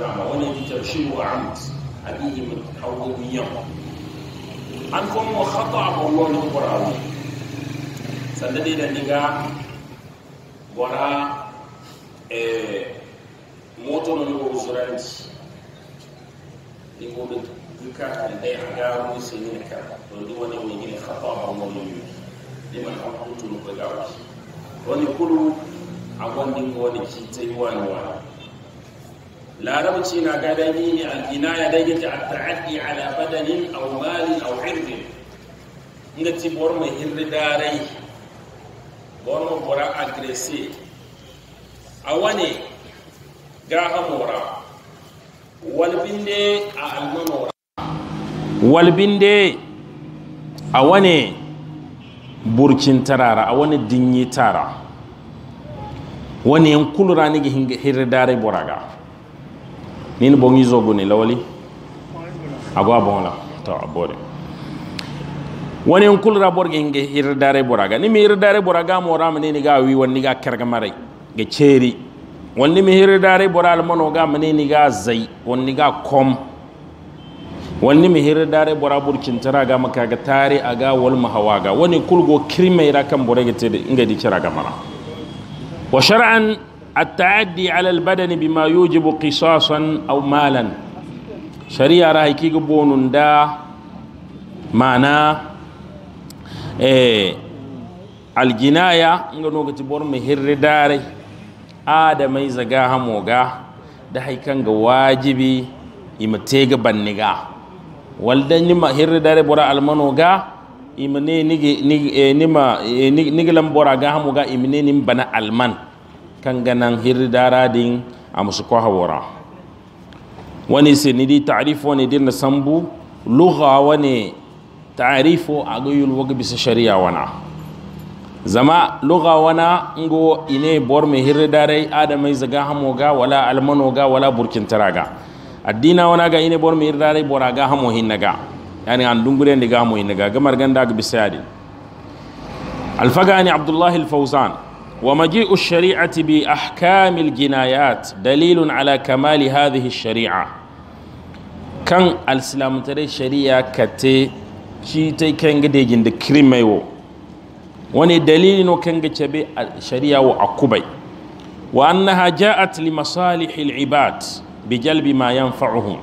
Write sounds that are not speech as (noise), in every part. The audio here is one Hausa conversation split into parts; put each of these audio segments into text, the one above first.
wannan tarshi an kuma wa khata ba ƙwararru sanda dai da niga gwara eh moto no go zuranci ni go duka kan dai aga mu sai ne ka to duk wani ne ne khata ba wannan ne man hakutu ko ga wani kulu a wannan wani kitai wani wani larabci na gada yi ne alkinaya ya yake ta ta'addi ala badanin aw malin aw irdin nga ti bor ma hirri darai bor ma bora a wani gaha mora walbinde a almanora walbinde a wani burkin tarara a wani dinyi tara wani yankulura ne hirri darai boraga nin bongi zogu ni lawali agwa bonla to abore wani in kulra borge ni mi irdare boraga mo ram ni ga wi wani mi irdare boral mono ga mani ni ga zai wani ga kom wani mi irdare bora burkin ga ga wani kulgo kirme ra kan a te inga kira mara التعدي على البدن بما يوجب قصاصا أو مالا شريعة راهي كي بونون دا معناه alginaya nga nogati bor mi hirri daare adamai zaga hamoga da haikan ga wajibi ima tega banniga walda nima hirri daare bora almanoga ima ne nigi nigi nima nigilan bora ga hamoga ima ne nim bana alman Kan ganan kanganan a musu ko hawara wani sinidi ta'rif wani din sambu lugha wani ta'rifu agayul waga bisa shari'a wana zama lugha wana ngo ine bor me hirdare adamai zaga hamoga wala almanoga wala burkintaraga addina wana ga ine bor me hirdare boraga hamo ga yani an dungure ndiga hamo hinnaga gamar ganda ga bisa yadi alfaga ni abdullahi alfawzan ومجيء الشريعة بأحكام الجنايات دليل على كمال هذه الشريعة كان الإسلام تري شريعة كتي شيتي كان جدي جند كريميو وني دليل نو كان جتبي الشريعة وعقبي وأنها جاءت لمصالح العباد بجلب ما ينفعهم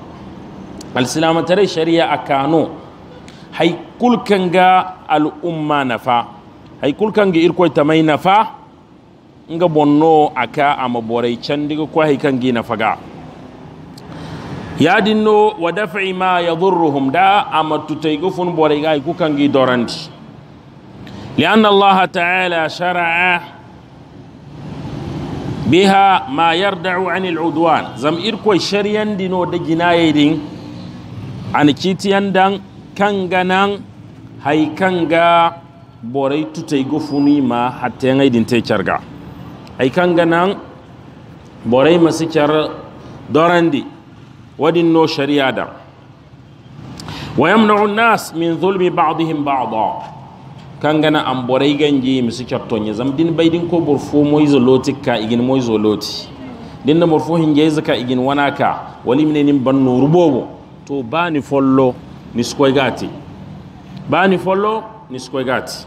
الإسلام تري شريعة كانوا هي كل كان الأمة نفا هي كل كان إيركوي تمي نفا nga bonno aka ama borai diga kwa kan gina faga Ya dinno wa daf'i ma yadhurruhum da ama tutaygu gufun borai ga ku kan gi doranti لأن الله تعالى شرع بها ما يردع عن العدوان زم إركو شريان دينو دي جناية دين عن كيتيان دان كانغانان هاي كانغا بوري تتيغو فوني ما حتى ينغي دين ay ganan nan masu kyar dorandi wadin no sharia da min الناس من ظلم بعضهم kan kangana an borai ganje musu kyafton ya zama din bai din ko burfo moy zoloti ka igin moy zoloti din da burfo hinje zaka igin wana ka wali min nin ban nuru bobo to bani follo ni skoy gati bani follo ni skoy gati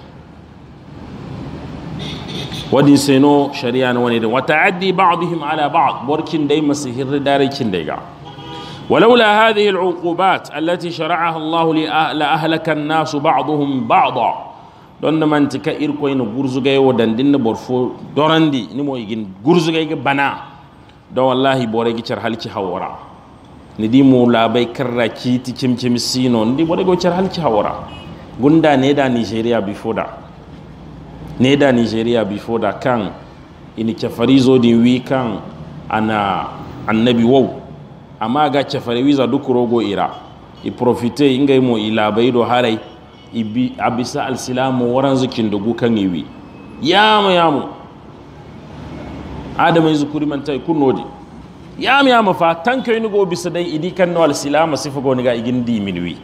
wadin no shari'a na wani da wata addi ba a duhim ala ba'd barkin dai masihir darakin dai ga ولولا هذه العقوبات التي شرعها الله لأهلك الناس بعضهم بعضا don da man tika irko ina gurzugai wa dandin na borfo dorandi ni mo igin gurzugai ga bana don wallahi bore gicar halki hawara ni di mu labai karra kiti kimkim sino ni di bore gicar halki hawara gunda ne da nigeria before da ne da nigeria before da kan ini kyafari zo din wi kan ana annabi wau amma ga kyafari wiza duk rogo ira i profite ingai mo ilabai do harai ibi abisa alsilamu waran zikin dugu kan iwi yamu yamu adama yanzu kuri man tai kunno di yamu yamu fa tanka ni go bisa dai idi kan no alsilama sifa go ni ga igin di minwi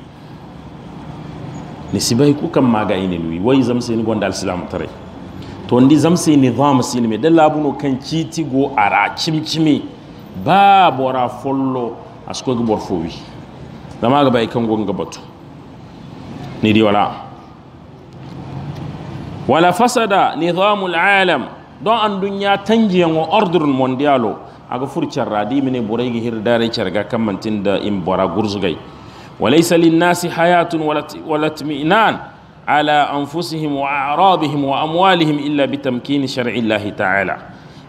ni sibai kukan maga inin wi wai zamse ni gonda alsilamu tare to ndi ni nidham silme de labuno kan citi go ara cimcimi ba bora follo asko go bor fowi dama ga bai kan go ni di wala wala fasada nidhamul alam don an dunya tangiyan wa ordurul mondialo aga furcen radi mini borai ga hirdare carga kan mantin da in bora gurzugai walaysa lin nasi hayatun walatminan wala ala anfusihim wa a'radihim wa amwalihim illa bi tamkini shar'i Allah ta'ala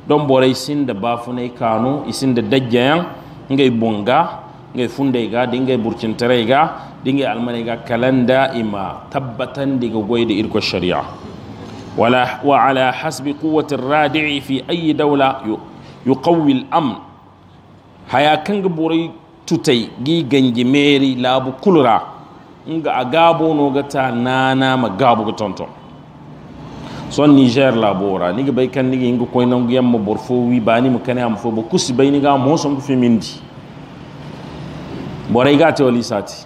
don borai sin da bafuna kanu isin da dajjayan ngai bonga ngai funde ga dingai burcintare ga dingai almane ga kalanda ima tabbatan diga goyde irko shari'a wala wa ala hasbi quwwati radi'i fi ayi dawla yuqawwi al-amn haya kanga borai tutai gi ganji labu kulura nga a gabo no gata nana ma gabo ga tonton son niger labora niga bay kan ni inga koy nangu yamma bor borfo wi bani mu kane am fo bo kusi bay ga mo son fi mindi ga to li sati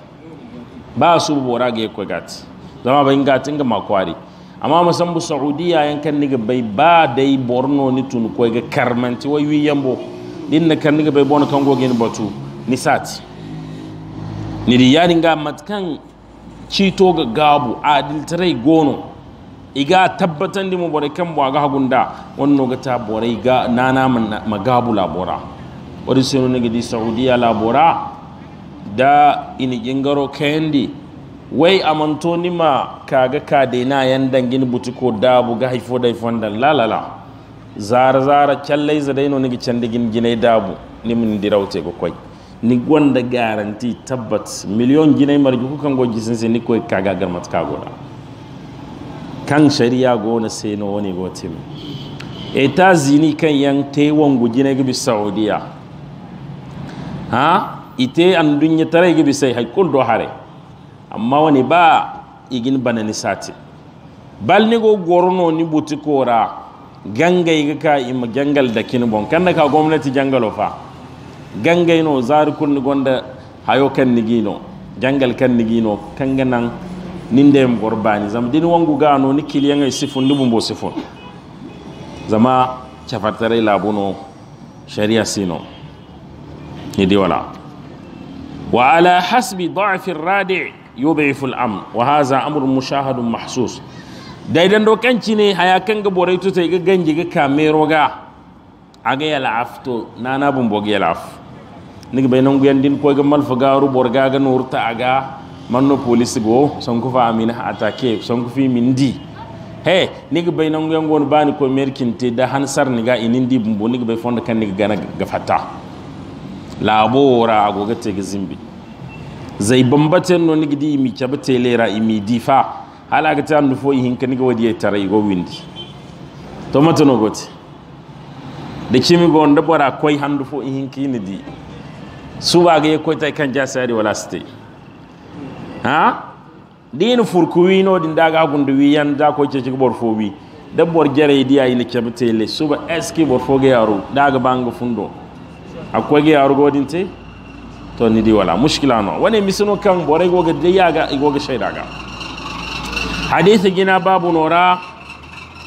ba su bora ga ko gati zama bay gati inga makwari amma musan bu saudiya ni ga bai ba dai borno ni tun ko ga karmanti wai wi yambo din na kan ga bai bono kan gogin batu ni sati nidi ga matkan cito ga gabu adiltarai gono iga tabbatar da mu bore kan bo aga hagunda wonno ga taborai ga nana magabu labora wadda sino ne di saudiya labora da ini gingaro di wai manto ni ma kaga ka daina yan dangin butiko dabu ga haifo da haifon da lalala zara zara kyallai zadaino ni gi da gin dabu nimin mun diraute ni gwanda garanti tabbat miliyon jinai margi kukan go gisin sai ni koy kaga garmat kago da kan shari'a go na sai no wani go e zini kan yan taiwan wangu jinai gibi saudiya ha ite an dunya tare gibi sai haikul do amma wani ba igin banani sati bal ni go gorno ni butikora ganga ga ka yi jangal da kin bon kan ka gwamnati jangalo fa gangayno zaari kunni gonda hayo kan nigino jangal kan nigino kanga nan nin ndeyam gor wangu gano ni kiliyangay sifu ndubu mbo sifu zama la bono sharia sino ni di wala wa ala hasbi dafi radi al lamn wa hadha amrun mushahadun mahsus daidan do ne haya ga boray tutay ga ganji ga kamero ga aga yala afto nana bumbo ga yala nigi bay nangu yan din poy ga mal faga bor ga ga nur ta aga manno police go son ku fa amina atake son ku fi mindi he nigi bay nangu yan gon bani ko merkin te da han sar ni ga di bumbo nigi bay fonda kan nigi gana ga la bo ra go ga ga zimbi zai bambaten no nigi di mi kaba telera imi difa hala ga ta fo hin ka nigi wadi tarai go windi to mata no gote da kimi go nda bora koy handu fo hin kini di Su ba ga subaagaye koytay kan jasaari wala sitay ha ɗin furkuwino ɗin daga gunde yan da ko cecik bor fo wi da bor jere di ay le kebtele suba su ce que bor fo ge yaro daga bangu fundo akwai ga yaro godin te to ni di wala mushkila no wani misino kan bore go dai yaga go shai shay daga hadith gina babu nora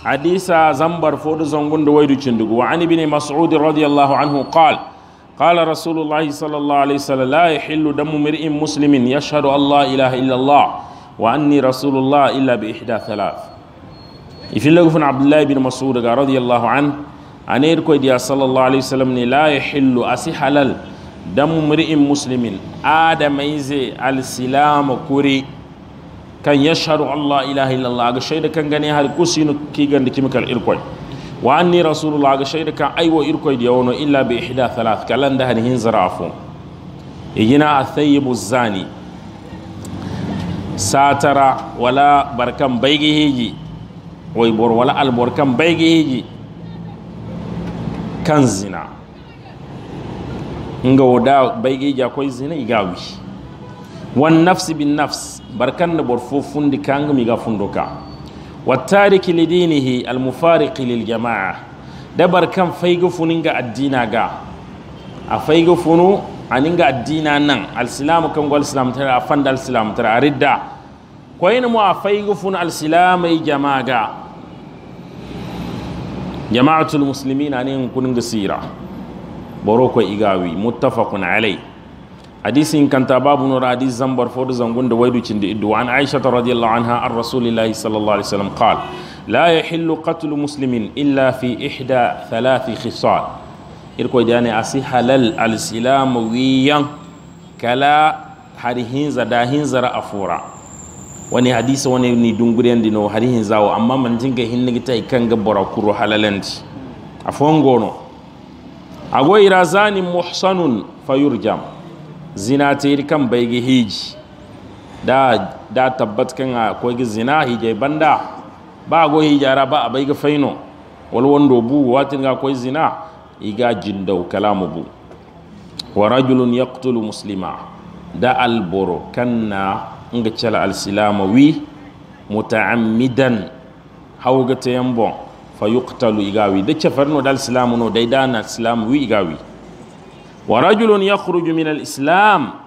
hadisa zambar fo do zongundo waydu cindugo wa ani bin mas'ud radiyallahu anhu qala قال رسول الله صلى الله عليه وسلم لا يحل دم امرئ مسلم يشهد الله إله إلا الله وأني رسول الله إلا بإحدى ثلاث في لغفن عبد الله بن مسعود رضي الله عنه أنير كويديا صلى الله عليه وسلم لا يحل أسي حلال دم امرئ مسلم آدم إيزي السلام كوري كان يشهد الله إله إلا الله أغشيد كان غني هل كسينو كي غندي كيمكال إركوي wa anni rasulullah ga shaida kan aiwo irko da wono illa bi ihda thalath kalan da hin zarafu yina athayibu zani satara wala barkan baigi hiji wai bor wala albor kan baigi kan zina nga wada baigi ja koy zina igawi wan nafsi bin nafs barkan da bor fofundi kanga mi ga fundoka wattariki lidinihi almufari kilil jama'a dabar kan faigu ga addina ga a faigu a ninga addina nan alsilamu kan gwal islam tara a fanda alsilamu tara a ridda koyin mu a faigu funu alsilamai jama'a ga jama'atul muslimin anin kunin da sira boro kwa igawi muttafaqun alai hadisi in kanta babu nur hadis zambar fodu zangun da waiducin da iddu an aisha radiyallahu anha an rasulillahi sallallahu alaihi wasallam qal la yahillu qatlu muslimin illa fi ihda thalathi khisal irko dane asi halal al silam wiyan kala harihin zadahin zara wani hadisi wani ni dunguren dino harihin zawo amma man jinga hinni gita ikan ga borakuru halalanti afon gono agoy razani muhsanun fayurjam ta yi kan baigi hiji da da tabbat kan akwai zina hijai banda ba go hijara ba a baigi faino wal wando bu watin ga akwai zina iga jindau kalamu bu wa rajulun yaqtulu muslima da alboro kanna nga cala alsilama wi muta'ammidan hawga tayambo fa yuqtalu igawi da cefarno dal silamu no dai dana silamu wi igawi wa rajulun yakhruju min al-islam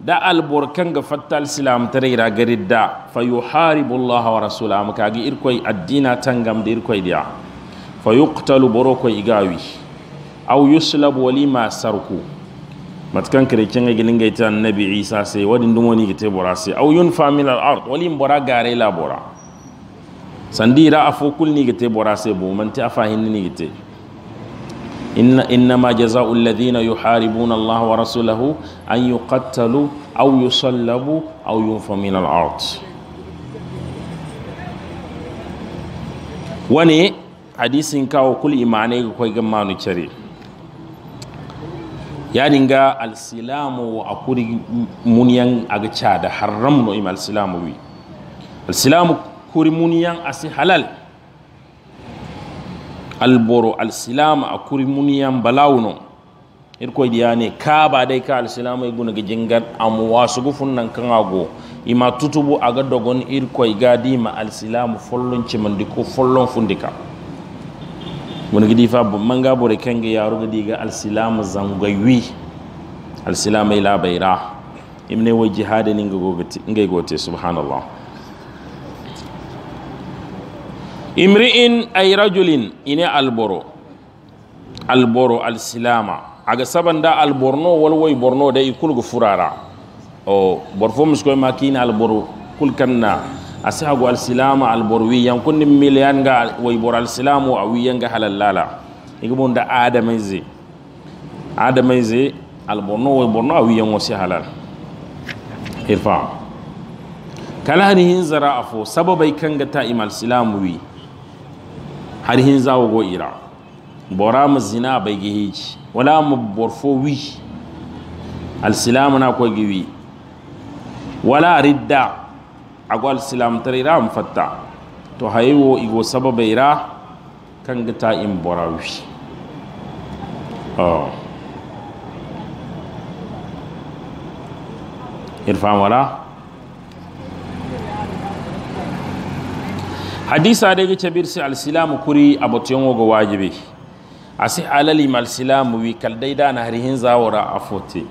da alburkan ga fattal silam tare ira garidda fa yuharibu Allah wa rasulahu am kagi irkwai addina tangam da irkwai irkoi dia fa yuqtalu boroko igawi aw yuslab ma sarku matkan kare kin ga gilin gaita annabi Isa sai wadin dumoni ga tebura sai aw yunfa min al-ard walim bora gare la bora sandira afokul ni ga tebura sai bo man ta ni ga tebura. إن إنما جزاء الذين يحاربون الله ورسوله أن يقتلوا أو يصلبوا أو ينفوا من الأرض wani hadisin kawo kul imanai ga kwai gammanu cire ya dinga al-silamu a kuri muniyan aga da haram no im silamu wi al-silamu kuri muniyan asi halal alboro alsilama a kuri muniyan balawuno irko diya ne ka ba dai ka alsilama i guna jingar amu wasu gufun nan kan ago ima tutubu ga dogon irko ga gadi ma alsilama follon cimandi ko follon fundika wani gidi fa manga bore kenge yaro gidi ga alsilama zangaywi alsilama ila baira imne wa jihadin ngai gote subhanallah imri'in ay rajulin ine alboro alboro alsilama aga sabanda alborno walwoy borno da ikulgo furara o bor fo muskoy makina alboro kulkanna asahago alsilama alboro wiyan kunni ga way bor alsilamu a wiyanga halallala igibunda adamaize adamaize alborno way borno a wiyango si halal irfa kala hanihin zara afo sababai kanga ta imal silamu wi har hin zawo go ira bora mu zina bai gihici wala mu borfo wi alsilamu ko giwi wala ridda ago alsilam tare mu fatta to hayewo igo sababa ira kan gita in bora wi oh irfan wala hadisa daga bir si alsilamu kuri abotiyon wogo wajibi asi alali malsilamu wi kaldai da na harihin zawara a fote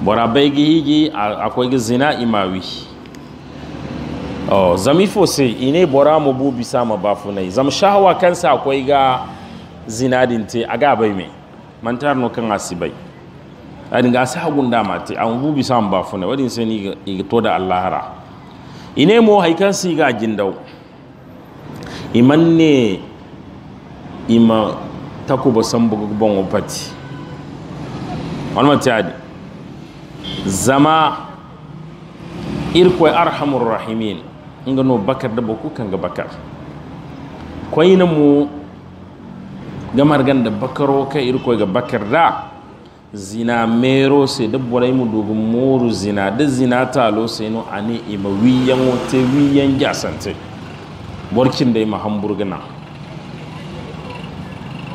bora bai gi higi akwai gi zina imawi oh zami fose ine bora mu bu bisa ma bafu nai zam shahwa kansa akwai ga zinadin te aga bai me mantar no kan bai adin ga sa gunda te an bu bisa ma bafu nai wadin sai ni ga to da allahara ine mo haikan si ga jindau iman ne ima takuba sambu gbon wapati wani matiyadi zama irkwai arhamur rahimin inga no bakar da boku kan ga bakar na mu gamar gan da bakaro kai irkwai ga bakar da zina mero sai da borai mu dogon moru zina da zina talo sai no ane ima wiyan wote wiyan gyasante borkin dai ma hamburgina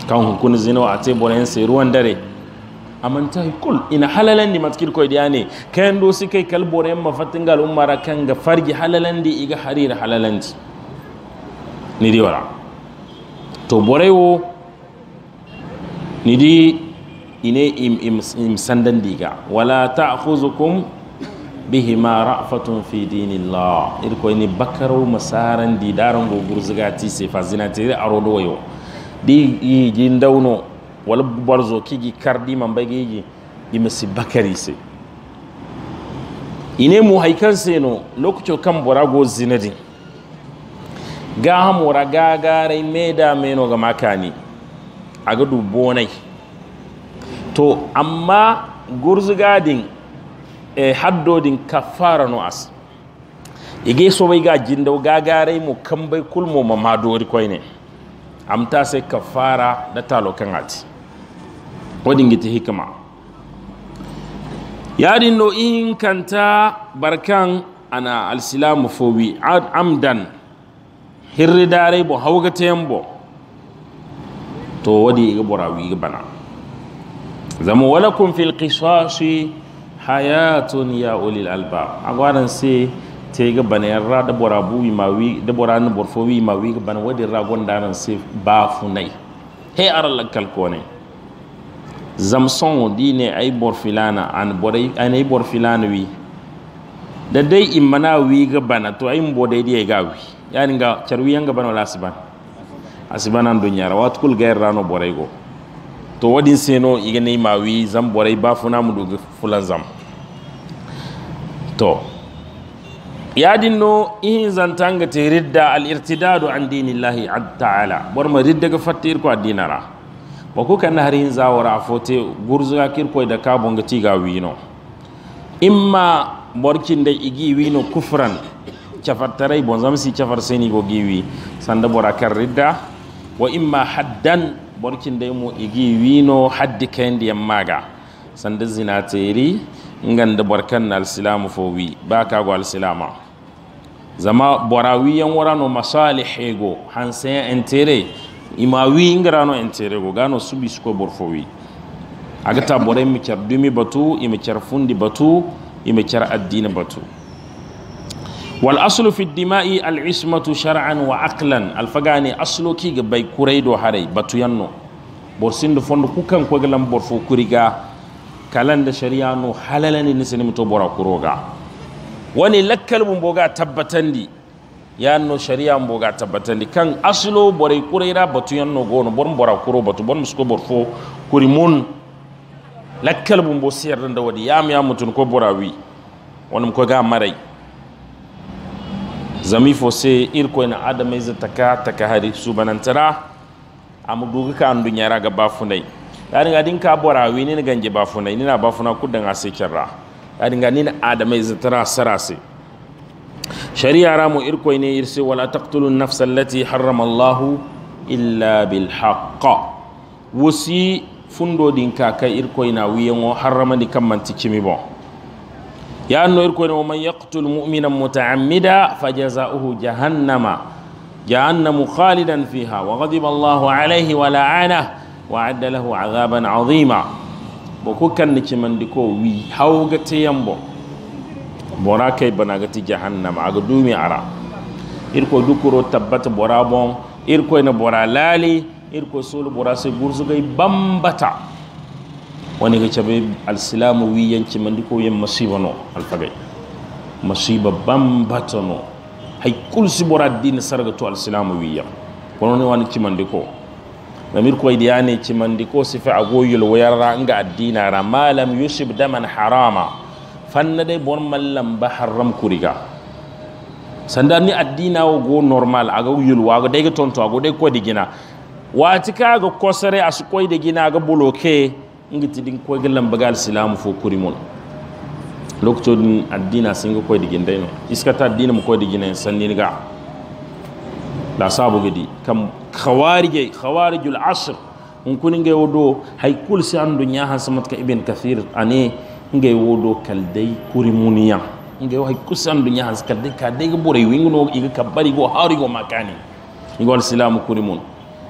kan hukun zinawa a ce bonen sai ruwan dare amanta kul ina halalan di matkir koy ne kan do si kai kal bore ma al'umma ummara kan ga fargi halalan di iga da halalan di ni di wala to bore wo ni di ine im im, im sandan diga wala ta'khuzukum bihi ma ra'fatun fi dinillah irko ni bakaro masaran di daran go gurzigati se fazinati aro do yo di yigi ndawno wala ki gi kardi man yi imasi bakari se ine mu haikan se no lokuto kan bora go zinadi ga hamura gagarai meda meno ga makani aga dubonai to amma gurzugadin e haddodin kaffara no as ege sowoy ga jindew ga garey mo kambay kulmo ma madori koyne amta se kaffara ndatalo kangati waɗi guite hikma yaɗin ɗo in kanta barkan ana alsilamu fo wi amdan hirridarey bo hawgateyen bo to waɗi ga ɓora wiga bana zamo walakum fi lkisasi hayatun ya ulil alba agwaran se te ga bana ra da bora buwi mawi da bora na borfo wi mawi ga bana wadi ra nan se ba funai he aral kal kone zamson dine ay borfilana an borai an ay borfilana wi da dai imana wi ga bana to ay mbodai dai ga wi yani ga charwi yanga bana wala asiban asiban an dunyara wat kul gair er rano borai go to wadin seno igane mawi zam borai ba funa mu do fulan zam to ya dinno ihin zantanga te ridda al irtidadu an dinillahi ta'ala bor ma ridda ga fatir ko dinara wa ku kan har hin zawara fote gurzuga kir ko da ka bonga tiga wino imma borkin da igi wino kufran cafartarai bon zamsi cafar seni go giwi sanda bora kar ridda wa imma haddan borkin da mu igi wino haddi kayan da ga sanda zinatiri nganda barkan na fo fowi ba go alisilama zama borawi yan warano masalih ego ya entere ima wi entere go gano subi suko bor fo wi ta bore mi kyar dumi batu imi kyar fundi batu imi kyar addini batu wal aslu fi dima'i al ismatu shar'an wa aqlan al fagani aslu ki ga bai kurai do harai batu yanno bor sindu fondo kukan ko galan bor fo kuriga kalan da shari'a no ne ni ne mutu bora kuroga wani lakkal mun boga tabbatandi ya no shari'a mun boga tabbatandi kan aslo bore kurera batu yan no gono bora bora kuro batu bor musko bora fo kuri mun lakkal mun bo siyar da wadi mu ya mutu ko bora wi wani ko ga marai zami fo se irko ina adamai taka takahari subanantara amu duka ka andu nyara ga bafunai yani dinga din ka bora wi ni ganje ba funa ni na ba funa kudan ase kirra yani dinga ni na adamai zatara sarase shari'a ramu irko ne irse wala taqtulun nafsa allati harrama Allah illa bil haqq wasi fundo din ka kai irko ina wiyen o harrama di kamman tikimi bon ya no irko ne man yaqtul mu'mina muta'ammida fajaza'uhu jahannama jahannamu khalidan fiha wa ghadiba Allah alayhi wa la'anahu وعد له عذابا عظيما وكوكان نكمن ديكو وي هاو غتي يمبو بورا كاي بنا غتي جهنم اغدومي ارا irko dukuro tabbata bora bon irko ina bora lali irko sulu bora sai gurzu gai wani ga cabe alsilamu wiyanci man diko yin masiba no masiba bambata no haikul si bora dini sarga to alsilamu wiyan wani wani ci mamir ko idiya ne ci mandi ko sifa agoyul wayarra nga addina ra malam yusuf daman harama fanna dai bon mallam ba haram kuriga sanda ni addina wo go normal aga yul wa go dai tonto ago dai ko digina wati ka ga kosare asu koy digina ga boloke ngi tidin koy gelam bagal islam fo kurimun lokacin addina sun ga koy digin dai no iska ta addina mu koy digina sanni ga la sabu gidi kam khawarije khawarijul asr un kuni ngay wodo hay kul si andu nya han samat ka ibn kathir ane ngay wodo kaldai kuri muniya ngay hay kul si andu nya han kaldai ka dai go bore wingu no iga kabari go hari go makani igo al islam kuri mun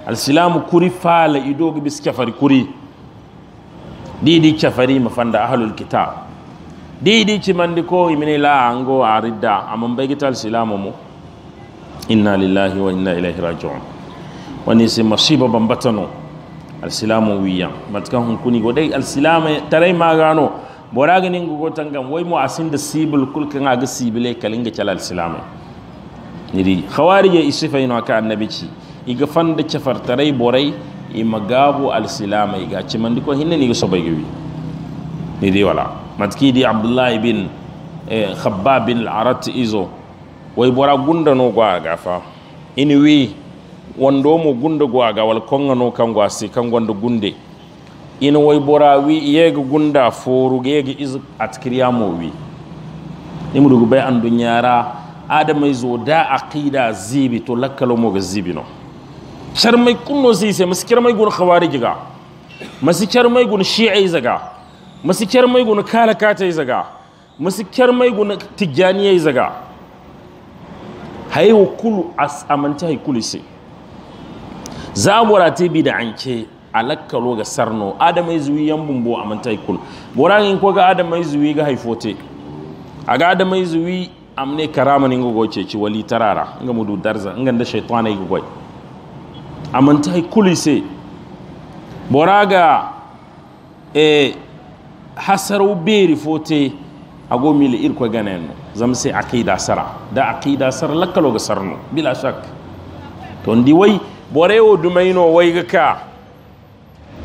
al islam kuri fala ido go bis kafari kuri didi kafari mafanda ahlul kitab didi cimandi ko imine la ango aridda amon bai gital silamu mu inna lillahi wa inna ilaihi raji'un wani se masiba bambatano alsilamu wiya matkan hunkuni go dai alsilama tarai gano bora ganin go tangam wai mu asin da sibul kulkan aga sibile kalinga cala alsilama niri khawarije isifa ino ka annabici iga fanda cafar tarai borai i magabu alsilama iga cimandi ko hinne ni go sobai gibi niri wala matki di abdullah eh, khabbab bin al-arat izo wai bora gundano go gafa ini wi wando mo gunda gwaga wala konga no kan asi kan ndo gunde ina wai wi yeg gunda foru yega iz atkiriya mo wi imu dugu bai an dunyara adamai zo da aqida zibi to lakalo mo ga zibi no charmai kunno sise masikirmai gun khawariji ga masikirmai gun shi'i zaga masikirmai gun kalakata zaga masikirmai gun tijaniya zaga hayo kulu as amanta hay kulu sai zabura bi da a alakkalo ga sarno adama zuwi yan bumbo a mantai kul boran in ko ga adama zuwi ga haifote a ga adama zuwi amne karama ningo goce ci wali tarara inga mudu darza inga da shaytana yi goy a mantai kul se boraga e hasaru beri fote ago mili irko ganen zam a aqida sara da aqida sara lakkalo ga sarno bila shak to ndi wai borewo dumaino waygaka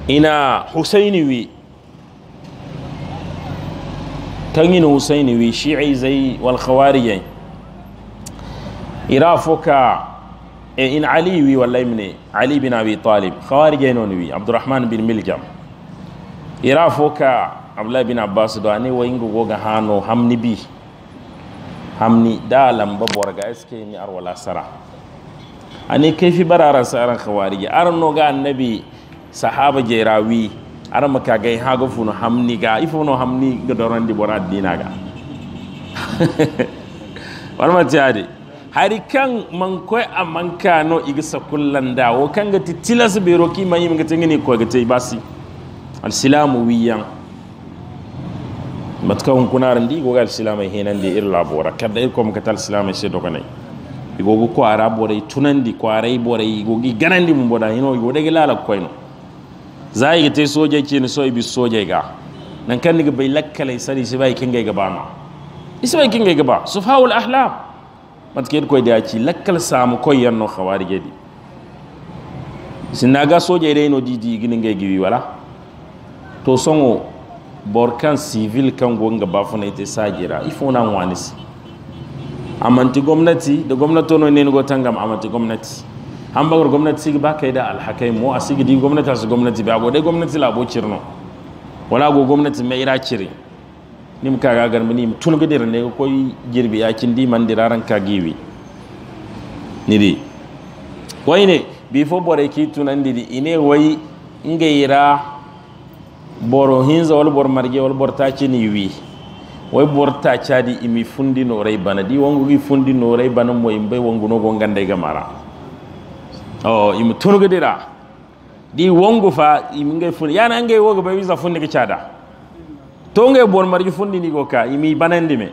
ina Husaini husainiwi tangina wi shi'i zai wal khawarijai ira foka e in wi wallahi mine ali bin abi talib khawarijai wi abdurrahman bin miljam ira foka abdullahi bin abbas do ane wayingo goga hano hamni bi hamni dalam lamba borga eske ni arwala sara ani kaifi bararan sa aran khawarije aran no ga annabi sahaba je rawi aran maka gai hago funo hamni ga ifo no hamni ga di bona dina ga (laughs) walma tiade hari kan man koy amman kano igisa kullan da wo kan ga titilas be roki man min ga tengini ko ga tei basi al silamu wiyan matka hun di go ga al silamai henan de irla bora kada ir ko maka tal silamai se doganai igogo ko ara boray tunandi ko aray boray igogi ganandi mu boda hino igo dege lala koyno zayi te soje ci ni so ibi soje ga nan kan ni bai lakkalai sari sai bai kinga ga bana isi bai kinga ga ba sufahul ahlam matke ko da ci lakkal samu koyan no khawarije di sinaga soje dai no didi ginin ga giwi wala to songo borkan civil kan gonga funa ite sajira ifuna wanisi amanti gwamnati da gwamnatono ne gotan gam amanti gwamnati han bagar gwamnati sigi ba yi da alhakai mo a sigi di gwamnati su gwamnati ba gode gwamnati labo bo wala go gwamnati mai ira kiri ni muka ga garmi nim tun gidir ne ko girbi yakin di man diraran ka giwi niri wai ne bifo bore ki tunan didi ine wai inga ira boro hinza wal bor marge wal bor ta ni wi way borta cadi imi fundi no ray bana di wangugi fundi no ray bana mo imbe wanguno go gande gamara o oh, imi tunugo dira di wangu fa imi ngay fundi yana ngay wogo be visa fundi ke cada to ngay bor marji fundi ni go ka imi banandi me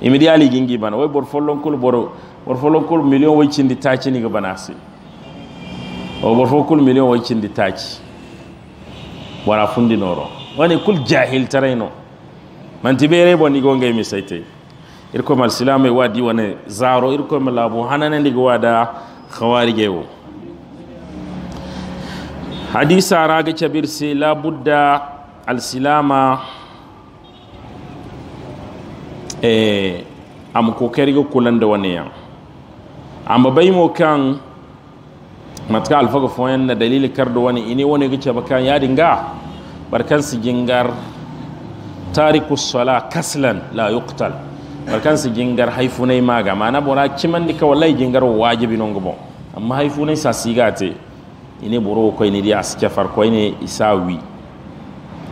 imi di ali gingi bana way bor follon kul bor bor follon kul million way cindi taci ni go banasi o oh, bor follon kul million way cindi taci wara fundi noro wani kul jahil tarayno manti bere bonni gonga mi sayte irko mal silama wadi wane zaro irko mal abu hanane diga gwada khawarije wo hadisa raga chabir si la budda al silama e am ko go kulande wane ya am bay mo kan matka alfaga foyan na dalili kardo wani ini wani gicha bakan ya dinga barkan si jingar tariku sala kaslan la yuqtal barkan si jingar haifunai maga mana bora kimandi ka wallahi jingar wajibi non gobo amma haifunai sa sigate ine boro ko ine dia aske far ko ine isawi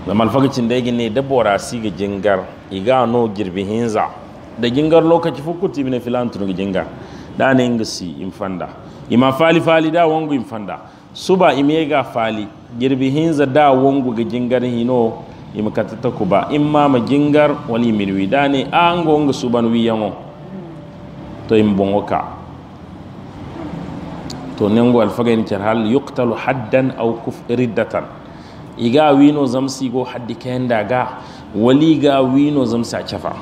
da malfagacin da yake ne da bora siga jingar iga no girbi hinza da jingar lokaci fukuti ne filantun jingar da ne ingisi infanda ima fali fali da wangu infanda suba imega fali girbi hinza da wangu ga jingar hino yimakatata kuba imma ma jingar wala yimirwi dani a ngonga suban wiyango to im bongo ka to nengo alfagen cer hal yuqtalu haddan aw kuf riddatan iga wino zamsi go haddi kenda ga wali ga wino zamsi a cafa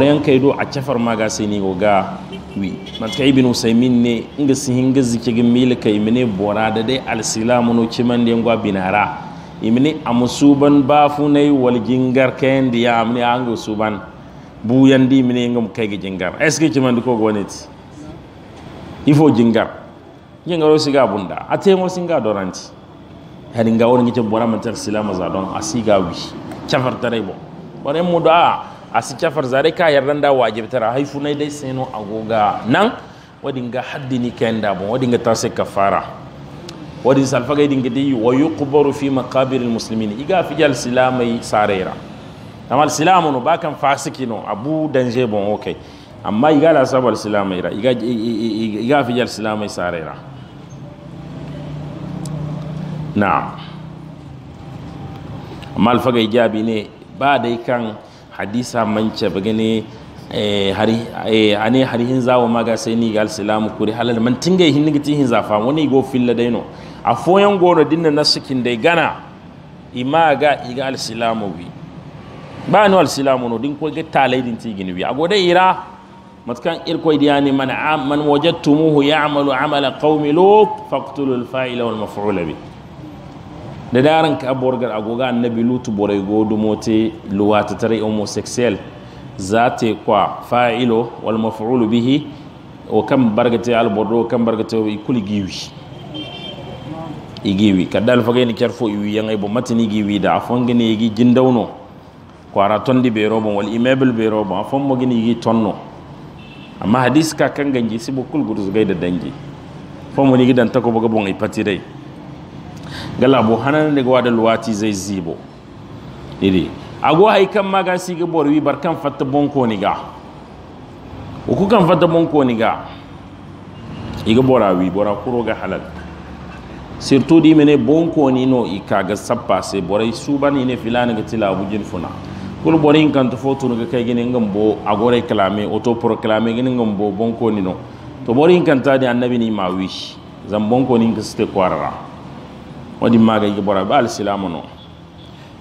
yan kaido a cefar ma ga sai ni go ga wi matka ibn usaymin ne inga sihin ga zike ga milka mine bora da dai alsilamu no ciman den gwa binara imini amu suban ne wal jingar ken ya amni angu suban yandi imini ngam gi jingar est ce que ci man ko il faut jingar jingar o siga bunda ate mo singa doranti hani nga woni ngice bona man tar silama za don asiga wi chafar tare bo bare mu da asi chafar zare ka yarda wajib tara haifunai dai seno agoga nan wadinga haddini kenda bon wadinga tase kafara wadin salfagai din gidi wa kubaru fi maqabiril muslimin iga jal silamai sarera tamal silamu no bakan fasiki no abu danje bon ok amma iga la sabal silamai ra iga iga jal silamai sarera na'am amma alfagai jabi ne ba dai kan hadisa manca bagane eh, eh, ane hari hin zawo maga sai ni gal silamu kuri halal man yi hin nigiti hin zafa wani go filla no. a foyan gona dinna na sikin dai gana ima ga iga alsilamu bi ba ni alsilamu no din ko ga talai din ti gini bi a gode ira matkan il ko diyani man man wajadtumuhu ya'malu amala qaumi lut faqtulu alfa'ila wal maf'ula bi da daran ka borgar agoga annabi lutu borai godu mote luwata tare homosexual zate kwa fa'ilo wal maf'ulu bihi o kan bargate albordo kan bargate kuli giwi igiwi kadal fageni kerfo iwi yanga bo matini giwi da afon gini igi jindawno kwara tondi be robo wal immeuble be robo afon mo gini igi tonno amma hadis ka kan ganji sibo kul gurus gaida danji fomo ni dan tako boga bon ipati dai gala bo hanan ne gwada luwati zai zibo iri agwa hay kan maga si ga borwi barkan fatta bonko ni ga uku kan fatta bonko ni ga iga borawi bora kuro ga halal surtout ɗi mene bonkoni no i kaga sappa se boray subani ne filaniga tila abujin funa kul borin kanta fo tunuga kai gine ngam bo agore clame auto proclame gine ngam bo bon bonkoni no to borin ta de annabi ni ma wish bon bonkoni ka ste kwarara wadi maga yi bora ba alislamu no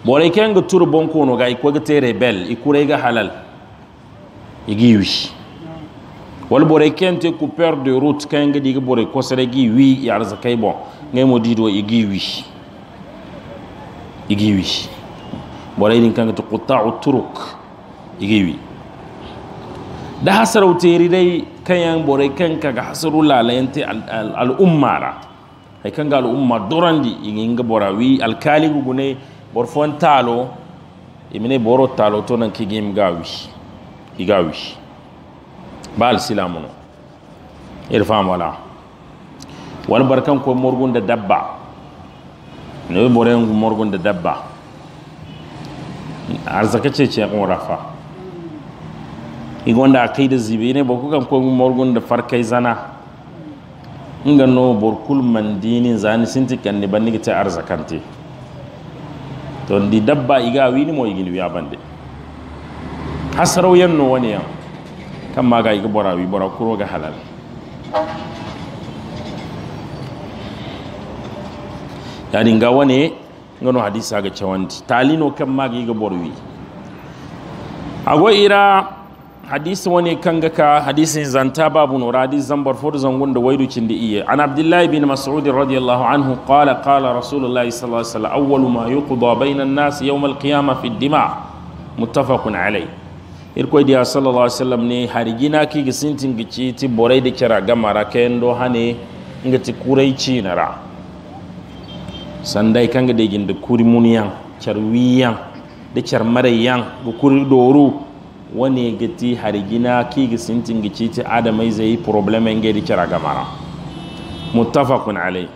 boray kenga tur bonkono ga iko ga tere bel i ikure ga halal i igi wish wal boray kente ku perdre de route kenga digi boray kosere gi wi yar zakai bon ngemo igi igiwi igiwi yin kanga to qutta'u turuk igiwi da hasaru teri dai kayan borai kanka ga hasaru lalayante al'umma ra hay kanga al'umma dorandi inga borawi kali gune borfon talo imine boro talo to nan kigim gawi igawi bal silamuno irfam wala wani barkan ko morgun da dabba ne boren morgun da dabba arzaka ce ce kun rafa igon da yi da zibe ne ba kukan kan ko morgun da farkai zana in gano borkul mandini zani ti kan ne nigita arzakan te to ndi dabba iga wini mo igini wiya bande hasarau yan no wani yan kan ma ga iga bora wi bora kuro ga halal yani wane ngano hadisa ga cewanti talino kan magi ga borwi ira hadisi wani kan ga ka hadisin zanta babu nura hadis zambar fudu zangun da waidu cin da iya an abdullahi bin mas'ud radiyallahu anhu kala qala rasulullahi sallallahu alaihi wasallam awwalu ma yuqda bainan nas yawm al-qiyamah fi ad-dima muttafaqun alayh irko dia sallallahu alaihi wasallam ne harigina ki gisintin gici ti borai da kira gamara kayan do hane ngati kurai ci ra. sandai kanga de gin kuri muniyan char wiyan de char yan, go kuri doru wani gati harigina ki ga sintin ga citi adamai e zai problem ngai de kira gamara muttafaqun alai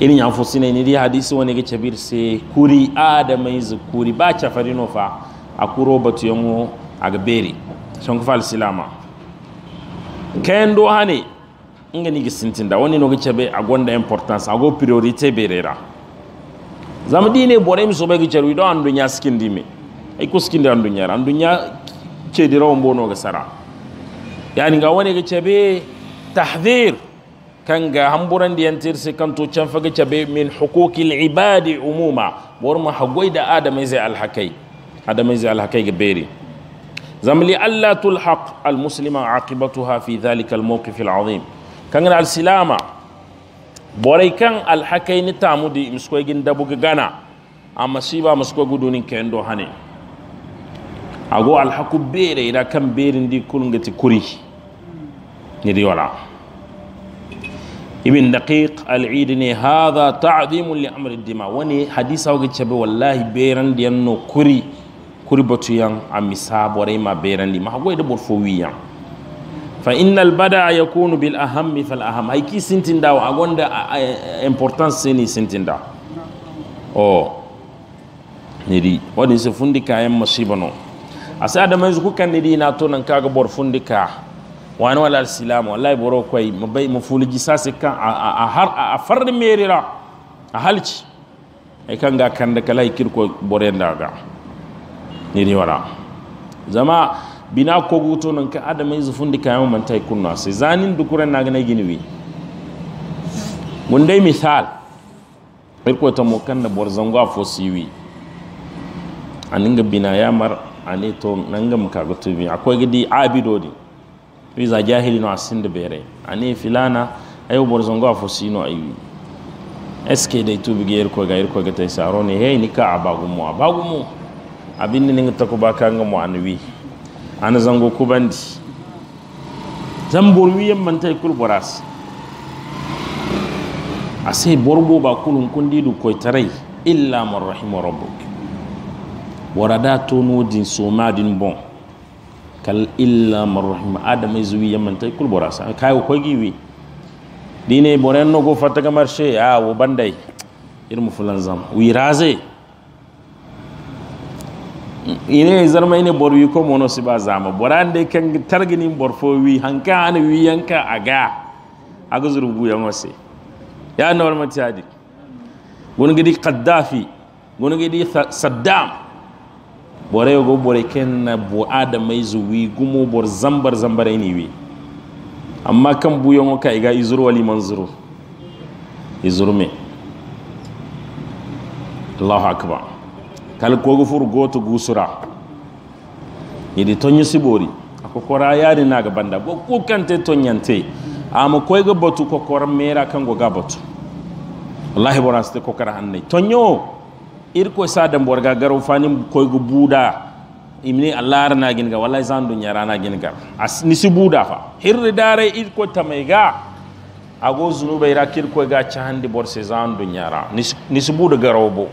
irin ya fo sine ni hadisi wani ga chabir se kuri adamai e zu kuri ba chafarino fa akuro batu yango agberi son silama kendo ne. nga nigi da woni no gichebe agonda importance ago priorité berera zam dine bore mi sobe gicheru do andu nya skindi mi ay ko skindi andu nya andu nya chedi raw mbono ga sara yani ga woni gichebe tahdhir kanga hamburan di yantir se can faga chabe min huquqil ibadi umuma bor ma hagoi da adamai zai alhakai adamai zai alhakai ga beri zamli alla tulhaq almuslima aqibatuha fi dhalika almawqif alazim kangana alsilama borai kan alhakayni tamudi imskoygin dabuga gana amma siba muskoygu dunin kendo hane ago alhaku bere ira kan berindi kulungati kuri di wala ibn daqiq al-eid ne hadha ta'dhimun li amri dima wani hadisa ga cebe wallahi beran diyan no kuri kuri a amisa borai ma beran di ma hago da borfo yan. fa innal bada yakunu bil ahammi fal aham ay ki wa gonda importance seni sintinda o nidi wadi se fundika yam masibano asa da mai zuku kan nidi na to nan kaga bor fundika wa wani wala islam wallahi boro koy mabai mafuliji sase kan a har a farri merira a halci ai kan ga kan da kala kirko borenda ga nidi wala zama bina koguto nan ka adama yanzu fundi kayan yi kunna sai zanin dukuran na gane gini wi mun dai misal irko ta mokan da borzango a fosiwi aninga bina yamar ne to nanga muka gutu bi akwai gidi abidodi wi za jahili na asin da bere A ne filana a ayo borzango a fosino ayi eske dai tu bige irko ga irko ga yi saro ne hey nika abagumo A abin ne ninga takuba a ni wi. an zango kubandi zan borwi yamman tai kulburas a sai borgo ba kulun kundi du tarai illa man rahima rabbuk warada tono din soma din bon kal illa man rahima adama zuwi yamman tai kulburas boras kai ko giwi dine boren no go fataga she a wo bandai irmu fulan zam wi raze ine zarma ne borwi ko mono si ba zama boran kan targini bor fo wi hanka an wi yanka aga aga zurbu ya ngose ya nawal matadi gon gidi qaddafi gon gidi saddam bore go bore ken na bo mai zuwi gumo bor zambar zambar ni wi amma kan bu yango ka iga izuru wali manzuru izuru me Allahu akbar kal furu goto gusura yidi tonyi sibori akokora yari naga banda bo te tonyante ama koyga botu kokora mera kango ga botu wallahi bora ste kokara hanne tonyo irko sa dan borga garo fani koyga buda imni allar gin ga wallahi zan dunya rana ginga asni si buda fa hirri dare irko tamaiga ago zunuba irakir koyga bor borse zan dunya ra nis buda garo bo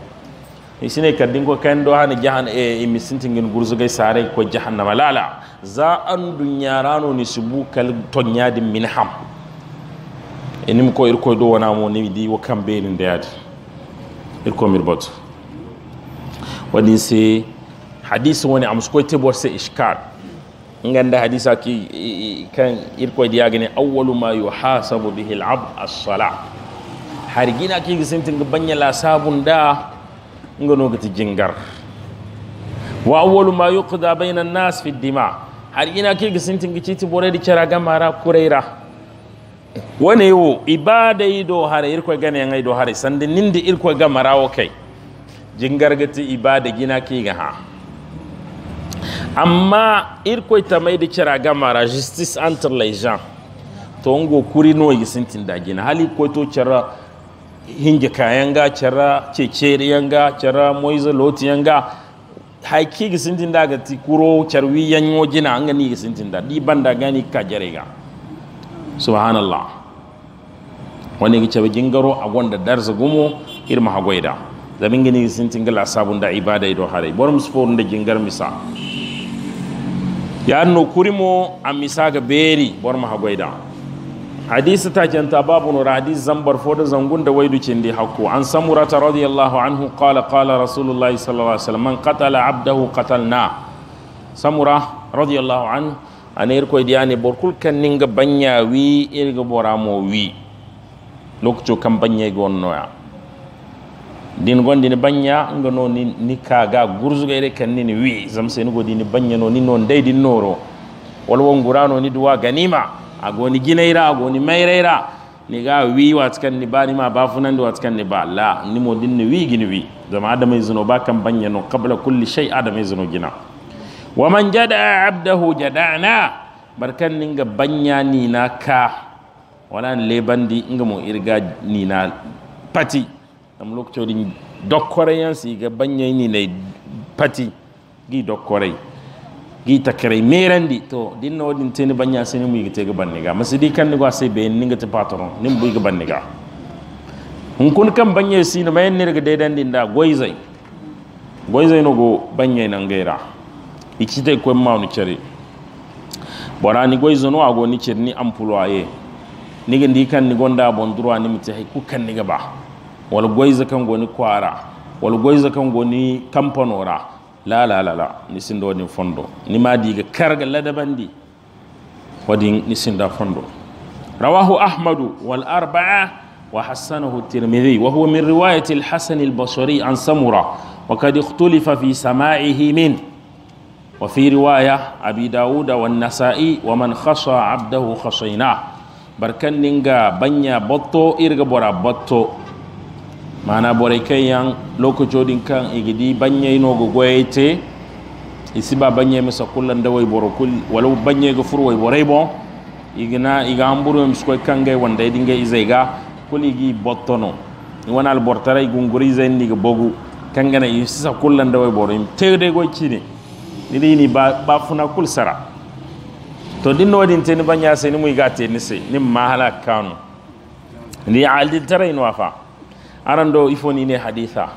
isine kadin ko do hani jahan e misintin gin gurzu gai sare ko jahannama lala za an dunya rano ni subu kal tonyadi din minham enim ko irko do wana mo ni di wakam be ni dayad irko mir bot wadi se hadisi wani te bor se iskar nganda hadisa ki kan irko diya gane awwalu ma yuhasabu bihi al-abd as-salah har gina ki gisintin banya la sabun da ngano gati jingar wa awwalu ma yuqda bayna an-nas fi ad-dima har ina ke gisin tingici ti bore di cara gamara kureira wane wo ibada yi do hare irko gane ngai do hare sande nindi irko gamara wo kai jingar gati ibada gina ke ga ha amma irko mai di cara gamara justice entre les gens to ngo kuri no gisin tin da gina hali ko to cara hinge kayanga cara cecer yanga cara moiza loti yanga haiki ga sintin da ga ti kuro carwi yanyo jina an gani ga sintin da diban da gani ka jare ga subhanallah wani ga cabe gingaro a gonda darsa gumo irma hagoida zamin gani ga sintin ga sabun da ibada ido hare bor mu da gingar misa ya no kurimo a misa ga beri bor ma hadisi ta kenta babu nura hadisi zambar foda zangun da waidu da haku an samurata radiyallahu anhu kala kala rasulullahi sallallahu alaihi wasallam man qatala abdahu qatalna samura radiyallahu anhu ana irko diyani borkul kan ninga banya wi irga mo wi lokacin kan banya gonnoya din ni banya nga no ni, ga gurzu ga ire kan nini wi zamse ni godini banya no ni non dai din noro wal wongurano ni duwa ganima a goni gineira agoni ni ga wi watkan ni ba ni ma ba funan da watkan ni ba la ni mo dinni wi gini wi da ma adamai izino e ba kan banya no qabla kulli shay adamai izino e gina wa man jada abdahu jada'na barkan ni ga banya ni na ka wala le bandi inga mo irga ni na pati am lokto din dokkore yan si ga banya ni ne pati gi dokkore gi takrai merandi to din no din tene banya sene mu yigite ga banniga masidi kan nigo sai be ninga te patron nim bu ga banniga hun kun kan banye sine mayen ne ga daidan din da goizai goizai no go banye nan gaira ikite ko ma nu cere bora ni goizo no ago ni cerni amployé ni ga ndi kan ni gonda bon droit ni mi hay ku kan ni ga ba wal goizo kan goni kwara wal goizo kan goni kampanora لا لا لا لا لا لا لا لا لا لا لا لا لا لا لا رواه احمد والاربعه وحسنه الترمذي وهو من روايه الحسن البصري عن سمره وقد اختلف في سماعه من وفي روايه ابي داود والنسائي ومن خصى عبده خصيناه بركن نينغا بنيا بطو ارغبورا بطو mana bore kaŋ yan lokaco din kan igidi banye no go goyete te isi ba baŋyey masa kullan da wayboro kul walau banye ga furo borai bon igana iga hamburu misi koy kaŋ gay wandey dingay izai ga ni wana al no iwana guri gunguri ni go bogu kaŋ gana isisa kullan da wayboro im go goy ni ni ba funa kul sara to din no din te banya sai se ni mu iga te ni se ni mahala kanu ni aldi taray no afa aran do ni ne haditha